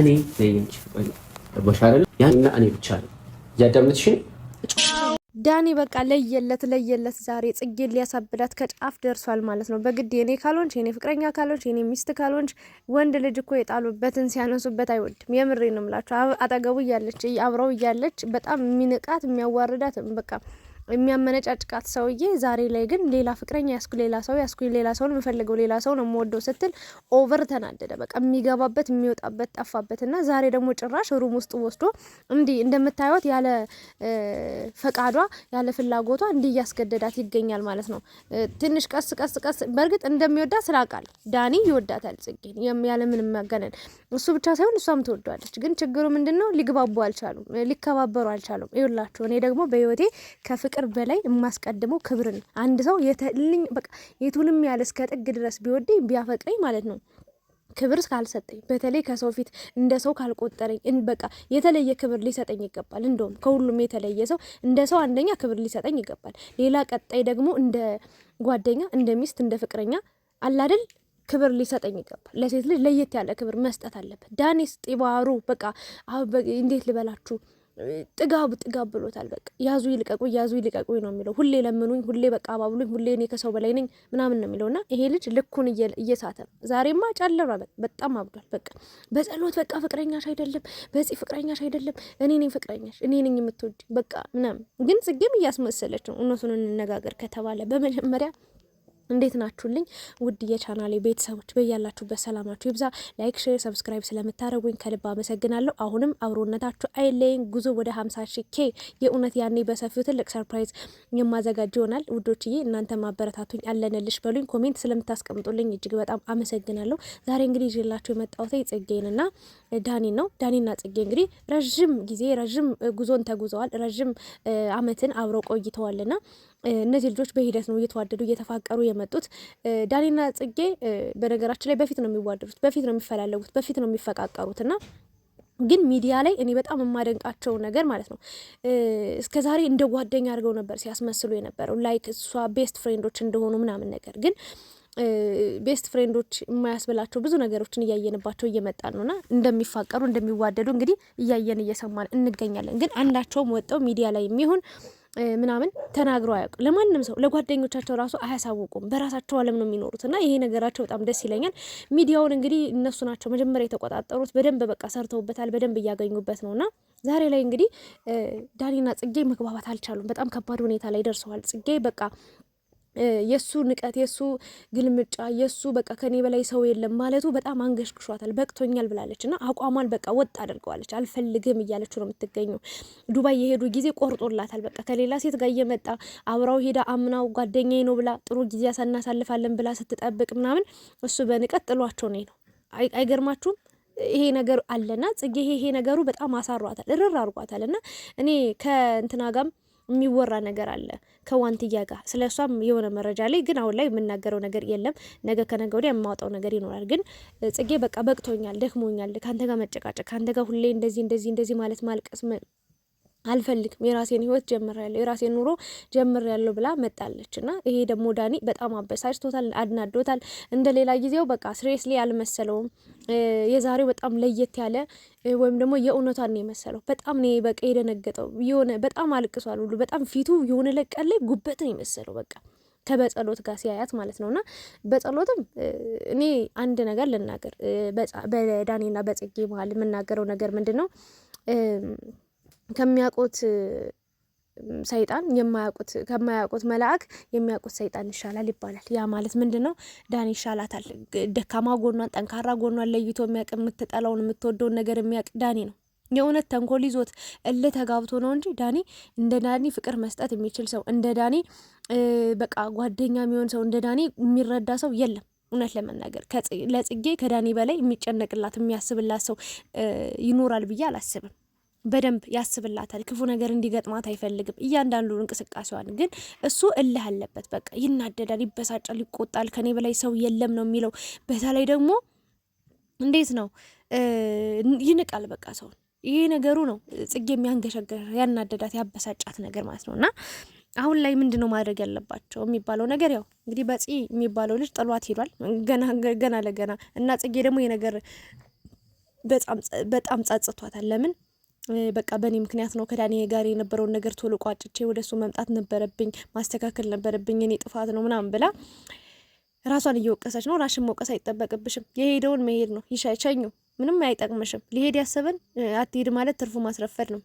እኔ ለየንች ቦሻለ ያና እኔ ብቻ ነው እያዳምጥሽን ዳኒ በቃ ለየለት ለየለት ዛሬ ጽጌን ሊያሳብዳት ከጫፍ ደርሷል ማለት ነው። በግድ የኔ ካልሆንች፣ የኔ ፍቅረኛ ካልሆንች፣ የኔ ሚስት ካልሆንች፣ ወንድ ልጅ እኮ የጣሉበትን ሲያነሱበት አይወድም። የምሬ ነው ምላቸው። አጠገቡ እያለች አብረው እያለች በጣም የሚንቃት የሚያዋርዳት በቃ የሚያመነጫጭቃት ሰውዬ ዛሬ ላይ ግን ሌላ ፍቅረኛ ያስኩ፣ ሌላ ሰው ያስኩ፣ ሌላ ሰውን የምፈልገው፣ ሌላ ሰው ነው የምወደው ስትል ኦቨር ተናደደ። በቃ የሚገባበት የሚወጣበት ጠፋበት እና ዛሬ ደግሞ ጭራሽ ሩም ውስጥ ወስዶ እንዲህ እንደምታዩት ያለ ፈቃዷ ያለ ፍላጎቷ እንዲህ እያስገደዳት ይገኛል ማለት ነው። ትንሽ ቀስ ቀስ ቀስ በእርግጥ እንደሚወዳት ስላቃል ዳኒ ይወዳታል ጽጌን ያለ ምንም መገነን እሱ ብቻ ሳይሆን እሷም ትወዷለች። ግን ችግሩ ምንድን ነው? ሊግባቡ አልቻሉም፣ ሊከባበሩ አልቻሉም። ይውላችሁ እኔ ደግሞ በህይወቴ ከፍቅር ከፍቅር በላይ የማስቀድመው ክብር ነው። አንድ ሰው የተልኝ በቃ የቱንም ያለ እስከ ጥግ ድረስ ቢወደኝ ቢያፈቅረኝ ማለት ነው ክብር ካልሰጠኝ በተለይ ከሰው ፊት እንደ ሰው ካልቆጠረኝ በቃ የተለየ ክብር ሊሰጠኝ ይገባል። እንደውም ከሁሉም የተለየ ሰው እንደ ሰው አንደኛ ክብር ሊሰጠኝ ይገባል። ሌላ ቀጣይ ደግሞ እንደ ጓደኛ፣ እንደ ሚስት፣ እንደ ፍቅረኛ አላደል ክብር ሊሰጠኝ ይገባል። ለሴት ልጅ ለየት ያለ ክብር መስጠት አለበት። ዳኔስ ጢባሩ በቃ እንዴት ልበላችሁ ጥጋብ ጥጋብ ብሎታል። በቃ ያዙ ይልቀቁ ያዙ ይልቀቁ ነው የሚለው። ሁሌ ለምኑኝ፣ ሁሌ በቃ አባብሉኝ፣ ሁሌ እኔ ከሰው በላይ ነኝ ምናምን ነው የሚለውና ይሄ ልጅ ልኩን እየሳተ ነው። ዛሬማ ጨለማ በጣም አብዷል። በቃ በጸሎት በቃ ፍቅረኛሽ አይደለም በጽ ፍቅረኛሽ አይደለም እኔ ነኝ ፍቅረኛሽ፣ እኔ ነኝ የምትወጂኝ በቃ ምናምን። ግን ጽጌም እያስመሰለች ነው። እውነቱን እንነጋገር ከተባለ በመጀመሪያ እንዴት ናችሁልኝ? ውድ የቻናሌ ቤተሰቦች በያላችሁበት ሰላማችሁ ይብዛ። ላይክ፣ ሼር፣ ሰብስክራይብ ስለምታደርጉኝ ከልብ አመሰግናለሁ። አሁንም አብሮነታችሁ አይለይን። ጉዞ ወደ ሀምሳ ሺ ኬ የእውነት ያኔ በሰፊው ትልቅ ሰርፕራይዝ የማዘጋጅ ይሆናል ውዶችዬ። እናንተ ማበረታቱኝ አለንልሽ በሉኝ። ኮሜንት ስለምታስቀምጡልኝ እጅግ በጣም አመሰግናለሁ። ዛሬ እንግዲህ ይዤላችሁ የመጣሁት ጽጌንና ዳኒን ነው። ዳኒና ጽጌ እንግዲህ ረዥም ጊዜ ረዥም ጉዞን ተጉዘዋል። ረዥም አመትን አብረው ቆይተዋልና እነዚህ ልጆች በሂደት ነው እየተዋደዱ እየተፋቀሩ የመጡት። ዳኒና ጽጌ በነገራችን ላይ በፊት ነው የሚዋደዱት፣ በፊት ነው የሚፈላለጉት፣ በፊት ነው የሚፈቃቀሩት እና ግን ሚዲያ ላይ እኔ በጣም የማደንቃቸው ነገር ማለት ነው እስከ ዛሬ እንደ ጓደኛ አድርገው ነበር ሲያስመስሉ የነበረው ላይክ እሷ ቤስት ፍሬንዶች እንደሆኑ ምናምን ነገር ግን ቤስት ፍሬንዶች የማያስብላቸው ብዙ ነገሮችን እያየንባቸው እየመጣን ነውና እንደሚፋቀሩ እንደሚዋደዱ እንግዲህ እያየን እየሰማን እንገኛለን። ግን አንዳቸውም ወጠው ሚዲያ ላይ የሚሆን ምናምን ተናግረው አያውቁም። ለማንም ሰው ለጓደኞቻቸው ራሱ አያሳውቁም። በራሳቸው ዓለም ነው የሚኖሩት እና ይሄ ነገራቸው በጣም ደስ ይለኛል። ሚዲያውን እንግዲህ እነሱ ናቸው መጀመሪያ የተቆጣጠሩት። በደንብ በቃ ሰርተውበታል። በደንብ እያገኙበት እና ዛሬ ላይ እንግዲህ ዳኒና ጽጌ መግባባት አልቻሉም። በጣም ከባድ ሁኔታ ላይ ደርሰዋል። ጽጌ በቃ የእሱ ንቀት፣ የእሱ ግልምጫ፣ የእሱ በቃ ከኔ በላይ ሰው የለም ማለቱ በጣም አንገሽግሿታል። በቅቶኛል ብላለች እና አቋሟን በቃ ወጥ አድርገዋለች። አልፈልግም እያለች ነው የምትገኘው። ዱባይ የሄዱ ጊዜ ቆርጦላታል። በቃ ከሌላ ሴት ጋር እየመጣ አብራው ሄዳ አምናው ጓደኛዬ ነው ብላ ጥሩ ጊዜ እናሳልፋለን ብላ ስትጠብቅ ምናምን እሱ በንቀት ጥሏቸው ነው። ነው አይገርማችሁም? ይሄ ነገር አለና ጽጌ ይሄ ነገሩ በጣም አሳሯታል፣ እርር አድርጓታል እና እኔ ከእንትና ጋም የሚወራ ነገር አለ ከዋንትያ ጋር ስለ እሷም የሆነ መረጃ ላይ ግን አሁን ላይ የምናገረው ነገር የለም። ነገ ከነገ ወዲያ የማወጣው ነገር ይኖራል። ግን ጽጌ በቃ በቅቶኛል፣ ደክሞኛል፣ ከአንተ ጋር መጨቃጨቅ፣ ከአንተ ጋር ሁሌ እንደዚህ እንደዚህ እንደዚህ ማለት ማልቀስ አልፈልግም የራሴን ህይወት ጀምር ያለው የራሴን ኑሮ ጀምር ያለው ብላ መጣለች እና ይሄ ደግሞ ዳኒ በጣም አበሳጭቶታል፣ አድናዶታል። እንደ ሌላ ጊዜው በቃ ስሬስሊ አልመሰለውም። የዛሬው በጣም ለየት ያለ ወይም ደግሞ የእውነቷን ነው የመሰለው። በጣም ነው በቃ የደነገጠው። የሆነ በጣም አልቅሷል ሁሉ በጣም ፊቱ የሆነ ለቀን ላይ ጉበት ነው የመሰለው በቃ ከበጸሎት ጋር ሲያያት ማለት ነው። እና በጸሎትም እኔ አንድ ነገር ልናገር በዳኒና በጽጌ መሀል የምናገረው ነገር ምንድን ነው? ከሚያውቁት ሰይጣን የማያውቁት ከማያውቁት መልአክ የሚያውቁት ሰይጣን ይሻላል ይባላል። ያ ማለት ምንድን ነው? ዳኒ ይሻላታል። ደካማ ጎኗን፣ ጠንካራ ጎኗን ለይቶ የሚያውቅ የምትጠላውን፣ የምትወደውን ነገር የሚያውቅ ዳኒ ነው። የእውነት ተንኮል ይዞት እልህ ተጋብቶ ነው እንጂ ዳኒ እንደ ዳኒ ፍቅር መስጠት የሚችል ሰው፣ እንደ ዳኒ በቃ ጓደኛ የሚሆን ሰው፣ እንደ ዳኒ የሚረዳ ሰው የለም። እውነት ለመናገር ለጽጌ ከዳኒ በላይ የሚጨነቅላት የሚያስብላት ሰው ይኖራል ብዬ አላስብም። በደንብ ያስብላታል። ክፉ ነገር እንዲገጥማት አይፈልግም። እያንዳንዱ እንቅስቃሴዋን ግን እሱ እልህ አለበት። በቃ ይናደዳል፣ ይበሳጫል፣ ይቆጣል። ከኔ በላይ ሰው የለም ነው የሚለው። በተለይ ደግሞ እንዴት ነው ይንቃል። በቃ ሰውን ይሄ ነገሩ ነው ጽጌ የሚያንገሸገር ያናደዳት ያበሳጫት ነገር ማለት ነው እና አሁን ላይ ምንድን ነው ማድረግ ያለባቸው የሚባለው ነገር ያው እንግዲህ በጽ የሚባለው ልጅ ጥሏት ሄዷል። ገና ገና ለገና እና ጽጌ ደግሞ የነገር በጣም ጸጽቷታል። ለምን በቃ በእኔ ምክንያት ነው ከዳኔ ጋር የነበረውን ነገር ቶሎ ቋጭቼ ወደ እሱ መምጣት ነበረብኝ፣ ማስተካከል ነበረብኝ፣ እኔ ጥፋት ነው ምናምን ብላ ራሷን እየወቀሰች ነው። ራሽን መውቀስ አይጠበቅብሽም። የሄደውን መሄድ ነው። ይሻይቸኙ ምንም አይጠቅምሽም። ሊሄድ ያሰበን አትሄድ ማለት ትርፉ ማስረፈድ ነው።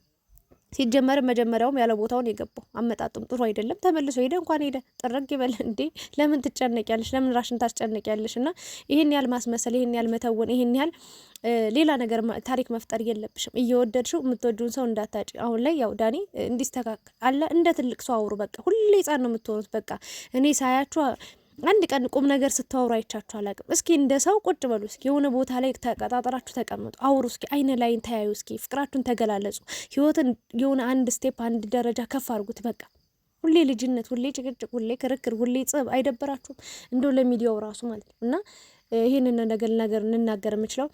ሲጀመር መጀመሪያውም ያለ ቦታውን የገባው አመጣጡም ጥሩ አይደለም። ተመልሶ ሄደ እንኳን ሄደ ጥረግ ይበል እንዴ። ለምን ትጨነቂያለሽ? ለምን ራሽን ታስጨነቂያለሽ? እና ይህን ያህል ማስመሰል፣ ይህን ያህል መተወን፣ ይህን ያህል ሌላ ነገር ታሪክ መፍጠር የለብሽም። እየወደድሽው የምትወዱን ሰው እንዳታጭ። አሁን ላይ ያው ዳኒ እንዲስተካከል አለ እንደ ትልቅ ሰው አውሩ። በቃ ሁሌ ህጻን ነው የምትሆኑት። በቃ እኔ ሳያችሁ አንድ ቀን ቁም ነገር ስታወሩ አይቻችሁ አላቅም። እስኪ እንደ ሰው ቁጭ በሉ እስኪ የሆነ ቦታ ላይ ተቀጣጠራችሁ ተቀምጡ፣ አውሩ እስኪ፣ አይን ላይን ተያዩ እስኪ፣ ፍቅራችሁን ተገላለጹ። ህይወትን የሆነ አንድ ስቴፕ አንድ ደረጃ ከፍ አድርጉት። በቃ ሁሌ ልጅነት፣ ሁሌ ጭቅጭቅ፣ ሁሌ ክርክር፣ ሁሌ ጽብ አይደበራችሁም? እንደው ለሚዲያው ራሱ ማለት ነው እና ይህንን ነገር ነገር እንናገር የምችለው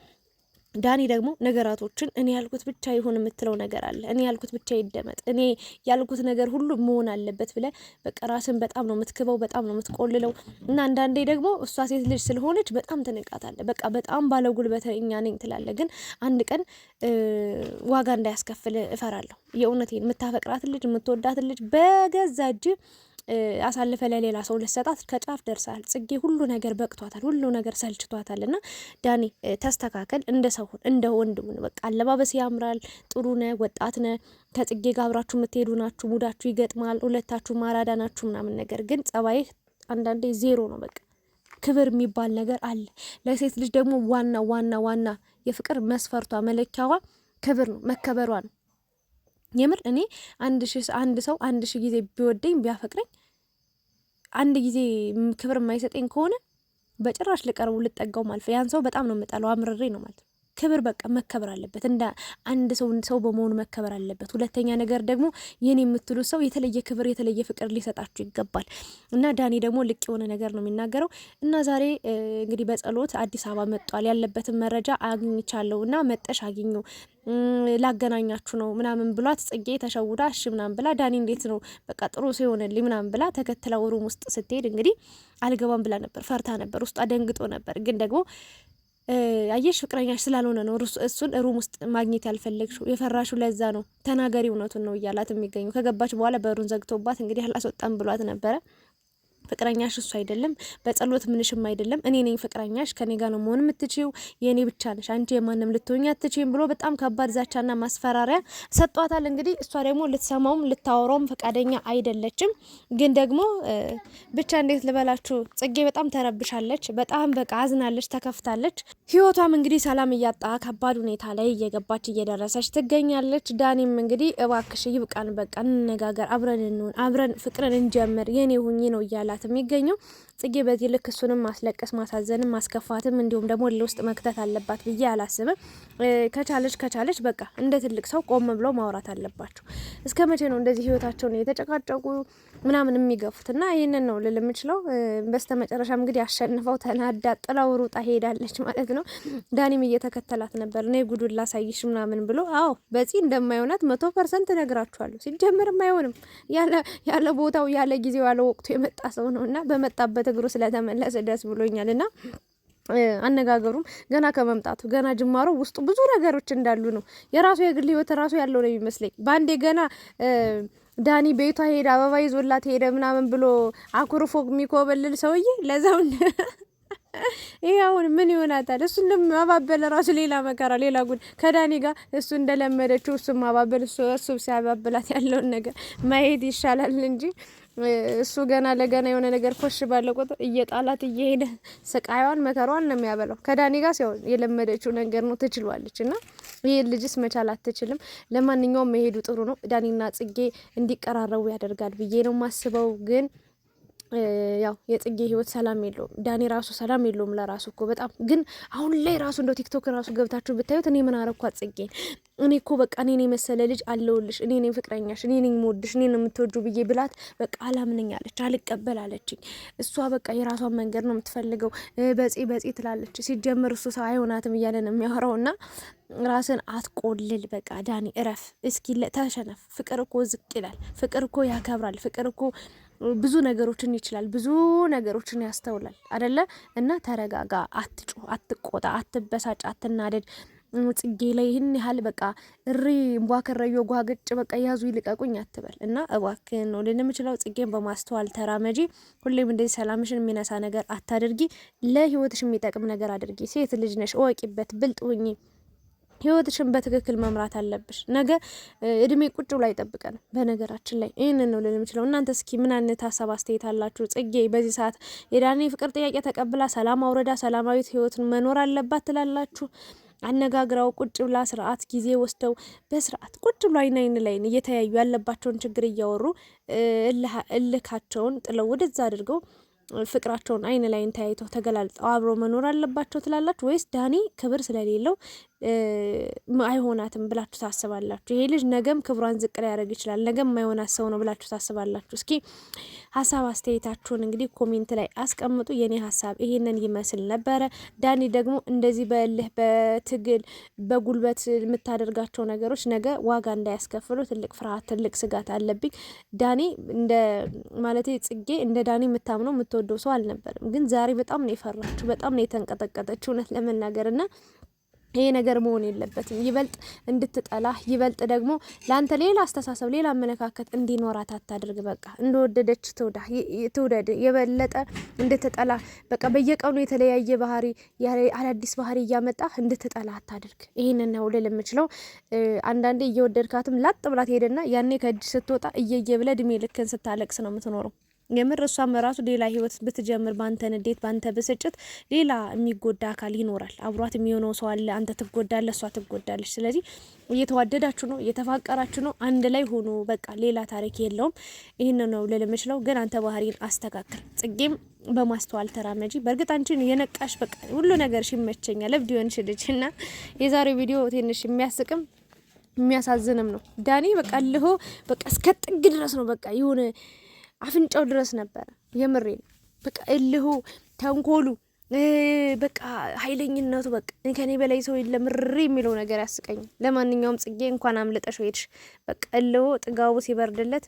ዳኒ ደግሞ ነገራቶችን እኔ ያልኩት ብቻ ይሁን የምትለው ነገር አለ። እኔ ያልኩት ብቻ ይደመጥ፣ እኔ ያልኩት ነገር ሁሉ መሆን አለበት ብለ በቃ ራስን በጣም ነው የምትክበው፣ በጣም ነው የምትቆልለው። እና አንዳንዴ ደግሞ እሷ ሴት ልጅ ስለሆነች በጣም ትንቃታለ። በቃ በጣም ባለ ነኝ ትላለ። ግን አንድ ቀን ዋጋ እንዳያስከፍል እፈራለሁ። የእውነት የምታፈቅራትን ልጅ የምትወዳትን ልጅ በገዛ እጅ አሳልፈ ለሌላ ሰው ልሰጣት ከጫፍ ደርሳል። ጽጌ ሁሉ ነገር በቅቷታል፣ ሁሉ ነገር ሰልችቷታል። እና ዳኒ ተስተካከል፣ እንደ ሰው እንደ ወንድ በቃ አለባበስ ያምራል፣ ጥሩ ነ፣ ወጣት ነ። ከጽጌ ጋር አብራችሁ የምትሄዱ ናችሁ፣ ሙዳችሁ ይገጥማል፣ ሁለታችሁ ማራዳ ናችሁ ምናምን። ነገር ግን ጸባይህ አንዳንዴ ዜሮ ነው። በቃ ክብር የሚባል ነገር አለ። ለሴት ልጅ ደግሞ ዋና ዋና ዋና የፍቅር መስፈርቷ መለኪያዋ ክብር ነው፣ መከበሯ ነው። የምር እኔ አንድ ሺ አንድ ሰው አንድ ሺህ ጊዜ ቢወደኝ ቢያፈቅረኝ አንድ ጊዜ ክብር የማይሰጠኝ ከሆነ በጭራሽ ልቀርቡ ልጠጋው ማልፈ ያን ሰው በጣም ነው የምጠለው፣ አምርሬ ነው ማለት ነው። ክብር በቃ መከበር አለበት። እንደ አንድ ሰው ሰው በመሆኑ መከበር አለበት። ሁለተኛ ነገር ደግሞ የኔ የምትሉ ሰው የተለየ ክብር፣ የተለየ ፍቅር ሊሰጣችሁ ይገባል። እና ዳኒ ደግሞ ልቅ የሆነ ነገር ነው የሚናገረው። እና ዛሬ እንግዲህ በጸሎት አዲስ አበባ መጥቷል። ያለበትን መረጃ አግኝቻለሁ እና መጠሽ አግኙ ላገናኛችሁ ነው ምናምን ብሏት ጽጌ ተሸውዳ እሺ ምናምን ብላ ዳኒ እንዴት ነው በቃ ጥሩ ሲሆንልኝ ምናምን ብላ ተከትላ ሩም ውስጥ ስትሄድ እንግዲህ አልገባም ብላ ነበር። ፈርታ ነበር፣ ውስጧ ደንግጦ ነበር ግን ደግሞ አየሽ ፍቅረኛሽ ስላልሆነ ነው እሱን ሩም ውስጥ ማግኘት ያልፈለግሽው የፈራሹ ለዛ ነው ተናገሪ እውነቱን ነው እያላት የሚገኙ ከገባች በኋላ በሩን ዘግቶባት እንግዲህ አላስወጣም ብሏት ነበረ ፍቅረኛሽ እሱ አይደለም፣ በጸሎት ምንሽም አይደለም፣ እኔ ነኝ ፍቅረኛሽ፣ ከኔ ጋር ነው መሆን የምትችው፣ የእኔ ብቻ ነሽ፣ አንቺ የማንም ልትሆኝ አትችም ብሎ በጣም ከባድ ዛቻና ማስፈራሪያ ሰጧታል። እንግዲህ እሷ ደግሞ ልትሰማውም ልታወራውም ፈቃደኛ አይደለችም። ግን ደግሞ ብቻ እንዴት ልበላችሁ ጽጌ በጣም ተረብሻለች። በጣም በቃ አዝናለች፣ ተከፍታለች። ህይወቷም እንግዲህ ሰላም እያጣ ከባድ ሁኔታ ላይ እየገባች እየደረሰች ትገኛለች። ዳኒም እንግዲህ እባክሽ ይብቃን፣ በቃ እንነጋገር፣ አብረን እንሁን፣ አብረን ፍቅርን እንጀምር፣ የኔ ሁኚ ነው እያላት የሚገኘው ጽጌ በዚህ ልክ እሱንም ማስለቀስ ማሳዘንም ማስከፋትም እንዲሁም ደግሞ ለውስጥ መክተት አለባት ብዬ አላስብም። ከቻለች ከቻለች በቃ እንደ ትልቅ ሰው ቆም ብለው ማውራት አለባቸው። እስከ መቼ ነው እንደዚህ ህይወታቸውን የተጨቃጨቁ ምናምን የሚገፉት? እና ይህንን ነው ልል የምችለው። በስተ መጨረሻም እንግዲህ አሸንፈው ተናዳ ጥላው ሩጣ ሄዳለች ማለት ነው። ዳኒም እየተከተላት ነበር እኔ ጉዱን ላሳይሽ ምናምን ብሎ አዎ፣ በዚህ እንደማይሆናት መቶ ፐርሰንት እነግራችኋለሁ። ሲጀምርም አይሆንም። ያለ ቦታው ያለ ጊዜው ያለ ወቅቱ የመጣ ሰው ነው እና በመጣበት እግሩ ስለተመለሰ ደስ ብሎኛል እና አነጋገሩም ገና ከመምጣቱ ገና ጅማሮ ውስጡ ብዙ ነገሮች እንዳሉ ነው። የራሱ የግል ህይወት ራሱ ያለው ነው የሚመስለኝ። በአንዴ ገና ዳኒ ቤቷ ሄደ፣ አበባ ይዞላት ሄደ ምናምን ብሎ አኩርፎ የሚኮበልል ሰውዬ ለዛውን ይሄ አሁን ምን ይሆናታል? እሱ እንደማባበል ራሱ ሌላ መከራ፣ ሌላ ጉድ ከዳኒ ጋር እሱ እንደለመደችው እሱ ማባበል እሱ እሱ ሲያባብላት ያለውን ነገር ማየት ይሻላል እንጂ እሱ ገና ለገና የሆነ ነገር ኮሽ ባለ ቁጥር እየጣላት እየሄደ ስቃይዋን መከሯን ነው የሚያበላው። ከዳኒ ጋር ሲሆን የለመደችው ነገር ነው ትችሏለች። እና ይሄ ልጅስ መቻል አትችልም። ለማንኛውም መሄዱ ጥሩ ነው። ዳኒና ጽጌ እንዲቀራረቡ ያደርጋል ብዬ ነው ማስበው ግን ያው የጽጌ ህይወት ሰላም የለውም። ዳኒ ራሱ ሰላም የለውም ለራሱ እኮ በጣም ግን አሁን ላይ ራሱ እንደው ቲክቶክ ራሱ ገብታችሁ ብታዩት እኔ ምን አረኳት ጽጌን እኔ እኮ በቃ እኔን የመሰለ ልጅ አለውልሽ፣ እኔ ነኝ ፍቅረኛሽ፣ እኔ ነኝ የምወድሽ፣ እኔ ነው የምትወጁ ብዬ ብላት በቃ አላምነኝ አለች፣ አልቀበል አለችኝ። እሷ በቃ የራሷን መንገድ ነው የምትፈልገው። በጼ በጼ ትላለች። ሲጀምር እሱ ሰው አይሆናትም እያለ ነው የሚያወራው። እና ራስን አትቆልል። በቃ ዳኒ እረፍ እስኪ፣ ተሸነፍ። ፍቅር እኮ ዝቅ ይላል። ፍቅር እኮ ያከብራል። ፍቅር እኮ ብዙ ነገሮችን ይችላል፣ ብዙ ነገሮችን ያስተውላል አደለ? እና ተረጋጋ፣ አትጩ፣ አትቆጣ፣ አትበሳጭ፣ አትናደድ። ጽጌ ላይ ይህን ያህል በቃ እሪ እንቧከረዮ ጓግጭ በቃ ያዙ ይልቀቁኝ አትበል እና እባክን ነው ልን ጽጌን በማስተዋል ተራመጂ። ሁሌም እንደዚህ ሰላምሽን የሚነሳ ነገር አታድርጊ። ለህይወትሽ የሚጠቅም ነገር አድርጊ። ሴት ልጅ ነሽ፣ እወቂበት፣ ብልጥ ሁኚ። ህይወትሽን በትክክል መምራት አለብሽ። ነገ እድሜ ቁጭ ብሎ ጠብቀን በነገራችን ላይ ይህን ነው ልል የምችለው። እናንተ እስኪ ምን አይነት ሀሳብ አስተያየት አላችሁ? ጽጌ በዚህ ሰዓት የዳኒ ፍቅር ጥያቄ ተቀብላ ሰላም አውረዳ ሰላማዊት ህይወትን መኖር አለባት ትላላችሁ? አነጋግራው ቁጭ ብላ ስርዓት ጊዜ ወስደው በስርዓት ቁጭ ብሎ አይን አይን ላይን እየተያዩ ያለባቸውን ችግር እያወሩ እልካቸውን ጥለው ወደዛ አድርገው ፍቅራቸውን አይን ላይን ተያይተው ተገላልጠው አብሮ መኖር አለባቸው ትላላችሁ? ወይስ ዳኒ ክብር ስለሌለው አይሆናትም ብላችሁ ታስባላችሁ? ይሄ ልጅ ነገም ክብሯን ዝቅ ሊያደርግ ይችላል፣ ነገም የማይሆናት ሰው ነው ብላችሁ ታስባላችሁ? እስኪ ሀሳብ አስተያየታችሁን እንግዲህ ኮሜንት ላይ አስቀምጡ። የኔ ሀሳብ ይሄንን ይመስል ነበረ። ዳኒ ደግሞ እንደዚህ በእልህ በትግል በጉልበት የምታደርጋቸው ነገሮች ነገ ዋጋ እንዳያስከፍሉ ትልቅ ፍርሃት፣ ትልቅ ስጋት አለብኝ። ዳኒ እንደ ማለት ጽጌ እንደ ዳኒ የምታምነው የምትወደው ሰው አልነበርም፣ ግን ዛሬ በጣም ነው የፈራችሁ፣ በጣም ነው የተንቀጠቀጠች እውነት ለመናገር ና ይሄ ነገር መሆን የለበትም። ይበልጥ እንድትጠላህ ይበልጥ ደግሞ ለአንተ ሌላ አስተሳሰብ፣ ሌላ አመለካከት እንዲኖራት አታድርግ። በቃ እንደወደደች ትውደድ። የበለጠ እንድትጠላህ በቃ በየቀኑ የተለያየ ባህሪ፣ አዳዲስ ባህሪ እያመጣ እንድትጠላ አታድርግ። ይህንን ነው ልል የምችለው። አንዳንዴ እየወደድካትም ላጥ ብላት ሄደና ያኔ ከእጅ ስትወጣ እየየ ብለ እድሜ ልክን ስታለቅስ ነው የምትኖረው። የምር እሷም ራሱ ሌላ ህይወት ብትጀምር በአንተ ንዴት፣ በአንተ ብስጭት ሌላ የሚጎዳ አካል ይኖራል። አብሯት የሚሆነው ሰው አለ። አንተ ትጎዳለህ፣ እሷ ትጎዳለች። ስለዚህ እየተዋደዳችሁ ነው፣ እየተፋቀራችሁ ነው፣ አንድ ላይ ሆኖ በቃ ሌላ ታሪክ የለውም። ይህን ነው ልል ግን አንተ ባህሪን አስተካክል፣ ጽጌም በማስተዋል ተራመጂ። በእርግጥ አንቺን የነቃሽ በቃ ሁሉ ነገር ይመቸኛል ለብድ ሆንሽ ልጅ እና የዛሬው ቪዲዮ ትንሽ የሚያስቅም የሚያሳዝንም ነው። ዳኒ በቃ ልሆ በቃ እስከ ጥግ ድረስ ነው በቃ የሆነ አፍንጫው ድረስ ነበረ። የምሬ ነው። በቃ እልሁ፣ ተንኮሉ፣ በቃ ኃይለኝነቱ፣ በቃ ከኔ በላይ ሰው ለምሬ የሚለው ነገር ያስቀኝ። ለማንኛውም ጽጌ እንኳን አምልጠሽ ሄድሽ። በቃ እልሁ ጥጋቡ ሲበርድለት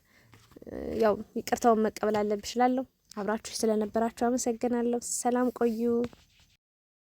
ያው ይቅርታውን መቀበል አለብሽ እላለሁ። አብራችሁ ስለነበራችሁ አመሰግናለሁ። ሰላም ቆዩ።